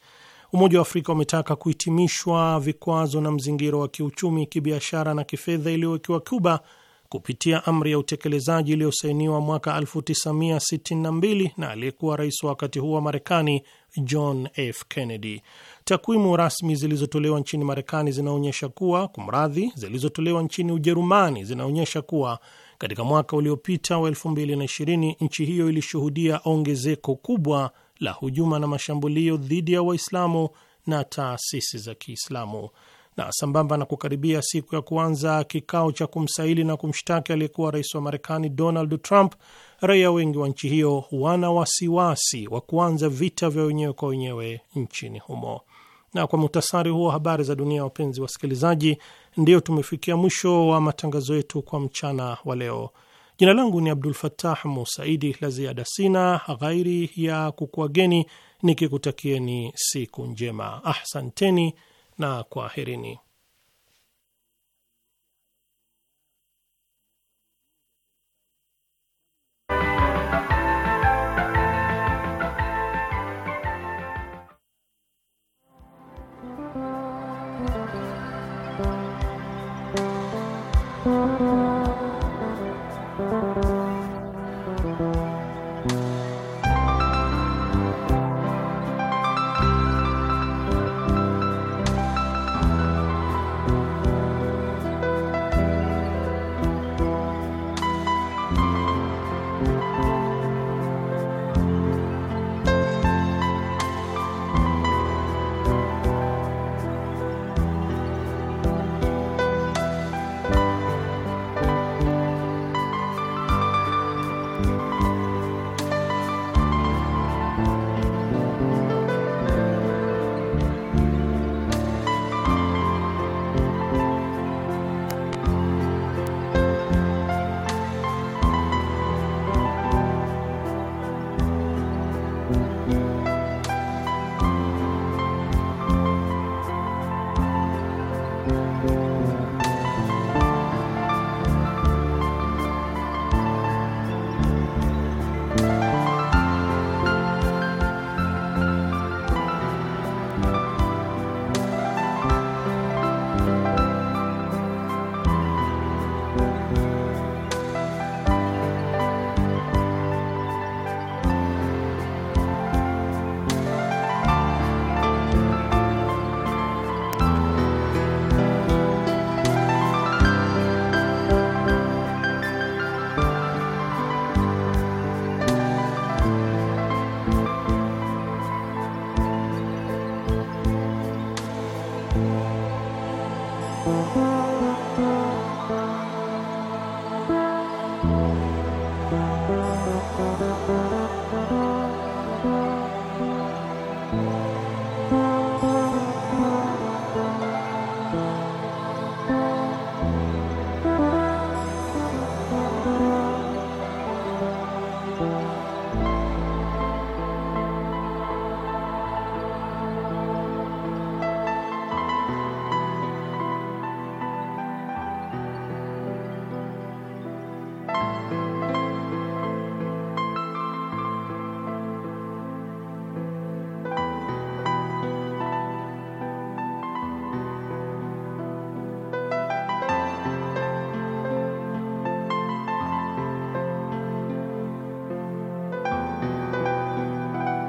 Umoja wa Afrika umetaka kuhitimishwa vikwazo na mzingiro wa kiuchumi, kibiashara na kifedha iliyowekiwa Cuba kupitia amri ya utekelezaji iliyosainiwa mwaka 1962 na aliyekuwa rais wa wakati huo wa Marekani John F Kennedy. Takwimu rasmi zilizotolewa nchini Marekani zinaonyesha kuwa kumradhi, zilizotolewa nchini Ujerumani zinaonyesha kuwa katika mwaka uliopita wa 2020 nchi hiyo ilishuhudia ongezeko kubwa la hujuma na mashambulio dhidi ya Waislamu na taasisi za Kiislamu na sambamba na kukaribia siku ya kuanza kikao cha kumsaili na kumshtaki aliyekuwa rais wa Marekani Donald Trump, raia wengi wa nchi hiyo wana wasiwasi wa kuanza vita vya wenyewe kwa wenyewe nchini humo. Na kwa muhtasari huo habari za dunia, wapenzi wasikilizaji, ndio tumefikia mwisho wa matangazo yetu kwa mchana wa leo. Jina langu ni Abdul Fatah Musaidi. La ziada sina ghairi ya kukuageni nikikutakieni siku njema. Ahsanteni na kwaherini.